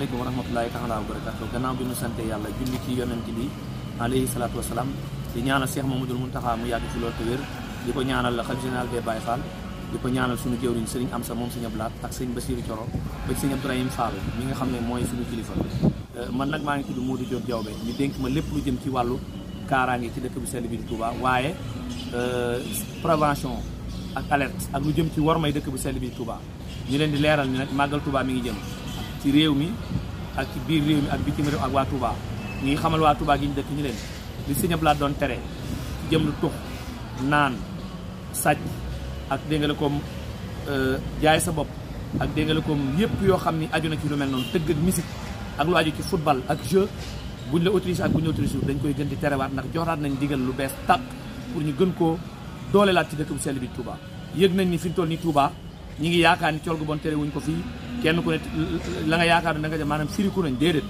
asalaamaaleykum wa rahmatulahi taala wa barakatu gannaaw bi ñu sante yàlla julli ci yonent bi alayhi salaatu wasalaam di ñaanal Cheikh Mamadou Mountakha mu yàgg fi loolu te wér di ko ñaanal xalifa général des Baye Fall di ko ñaanal suñu jëwriñ sëriñ Amsa moom sëñ Ablaat ak sëñ Basiru Coro ba sëñ Abdourahim mi nga xam ne mooy suñu kilifa euh, man nag maa ngi tudd Modou Diop Diawbe ñu dénk ma lépp lu jëm ci wàllu kaaraange ci dëkk bu sell bi di Touba waaye euh, prévention ak alerte ak lu jëm ci war may dëkk bu sell bi di Touba ñu leen di leeral ni nag màggal Touba mi ngi jëm ci réew mi ak ci biir réew mi ak bitim réew ak waa Touba ñu ngi xamal waa Touba gi ñu dëkk ñu leen li Sëñ laa doon tere jëm lu tux naan sàcc ak dégg nga la koom euh, jaay sa bopp ak dégg nga la koom yëpp yoo xam ni aju na ci lu mel noonu tëgg ak musique ak lu aju ci football ak jeu buñ la autorisé ak buñ la autorisé dañ koy gën tere waat ndax joxaat nañ digal lu bees tàq pour ñu gën koo doolelaat ci dëkk bu sell bi Touba. yëg nañ ni fi ñu toll nii Touba ñu ngi yaakaar ni col gu bon tere wuñ ko fii. kenn ko ne la nga yaakaar ne da nga jëm maanaam siriku nañ déedéet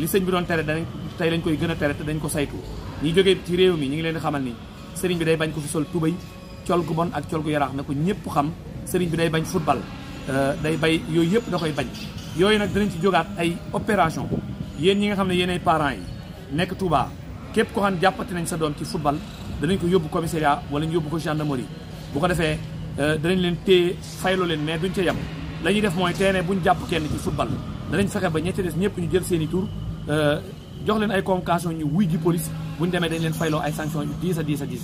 li sëñ bi doon tere danañ tey lañ koy gën a tere te dañ ko saytu ñi jógee ci réew mi ñu ngi leen di xamal ni sëriñ bi day bañ ko fi sol tubay col gu bon ak col gu yaraax na ko ñëpp xam sëriñ bi day bañ football euh, day bay yooyu yëpp da koy bañ yooyu nag danañ ci jógaat ay opération yéen ñi nga xam ne yéen parent parents yi nekk Touba képp ko xam ne jàppati nañ sa doom ci football danañ ko yóbbu commissariat wala ñu yóbbu ko gendarmerie bu ko defee euh, danañ leen téye fayloo leen mais duñ ca yem dañuy def mooy teene bu jàpp kenn ci football danañ fexe ba ñetti des ñëpp ñu jël seeni i tur euh, jox leen ay convocation ñu wujj ji police bu ñu demee dañ leen fayloo ay sanctions yu diis a diis a diis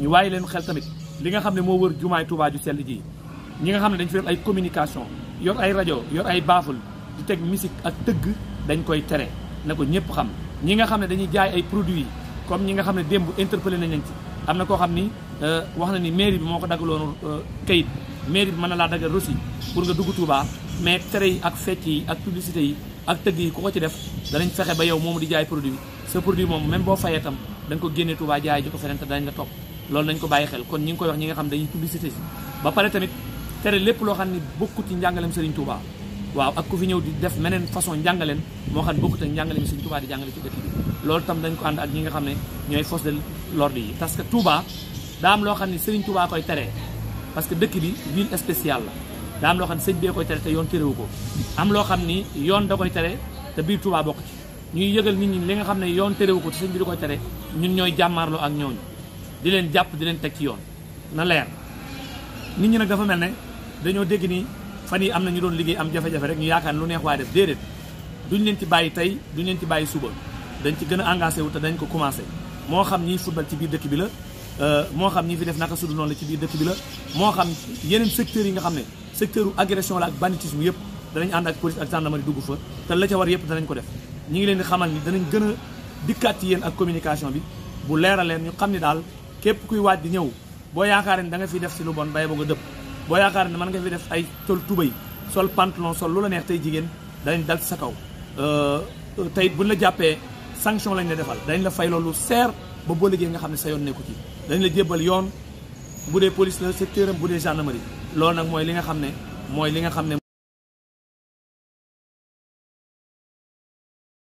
ñu waaye leen xel tamit li nga xam ne moo wër jumaay Tuubaa ju seen ji ñi nga xam ne dañ fi ay communication yor ay rajo yor ay baaful di teg musique ak tëgg dañ koy tere na ko ñëpp xam ñi nga xam ne dañuy jaay ay produits comme ñi nga xam ne démb interpellé nañ leen ci am na koo xam ni euh, wax na ni mairie bi moo ko daggaloon euh, kayit mairie bi mën na laa daggal reçu pour nga dugg touba mais tere yi ak fecc yi ak publicité yi ak tëgg yi ku ko ci def danañ fexé ba yow moom di jaay produit ce produit mom même bo fayé tam da ko génné touba jaay ji ko feneen dañ nga top loolu nañ ko bàyyi xel kon ñi ngi koy wax ñi nga xam dañuy publicité ci ba paré tamit tere lépp lo xamni bokku ci njàngalem sëriñ touba waaw ak ku fi ñew di def menen façon njàngaleen mo xam bokku ak njàngalem sëriñ touba di jàngale ci dëkk bi loolu tam dañ ko and ak ñi nga xamné ñoy ñooy force de l'ordre yi parce que touba da am lo xamni ne touba koy tere parce que dëkk bi ville spéciale la daa am loo xam ne sëñ bee koy tere te yoon tere ko am loo xam ni yoon da koy tere te biir Touba bokk ci ñuy yëgal nit ñi li nga xam ne yoon tere ko te sëñ bi da koy tere ñun ñooy jàmmaarloo ak ñooñu di leen jàpp di leen teg ci yoon na leer nit ñi nag dafa mel ne dañoo dégg ni fan yi am na ñu doon liggéey am jafe-jafe rek ñu yaakaar lu neex waaye def déedéet duñ leen ci bàyyi tey duñ leen ci bàyyi suba dañ ci gën a engagé wu te dañ ko commencé moo xam ñiy football ci biir dëkk bi la moo xam ñi fi def naka sudu noonu la ci biir dëkk bi la moo xam yeneen secteurs yi nga xam ne secteur agression la ak banditisme yëpp danañ ànd ak police ak gendarmerie dugg fa te la ca war yëpp danañ ko def ñi ngi leen di xamal ni danañ gën a yéen ak communication bi bu leeral ñu xam ne daal képp kuy waaj di ñëw boo yaakaar ne da nga fi def si lu bon bay ba a dëpp boo yaakaar ne mën nga fi def ay sol tubay sol pantalon sol lu la neex tey jigéen danañ dal ci sa kaw euh, tey buñ la jàppee sanction lañ la defal dañ la fay loolu seer ba boo liggéey nga xam ne sa yoon nekku ci dañ la jébbal yoon bu dee police la secteur am bu dee gendarmerie loolu nag mooy li nga xam ne mooy li nga xam ne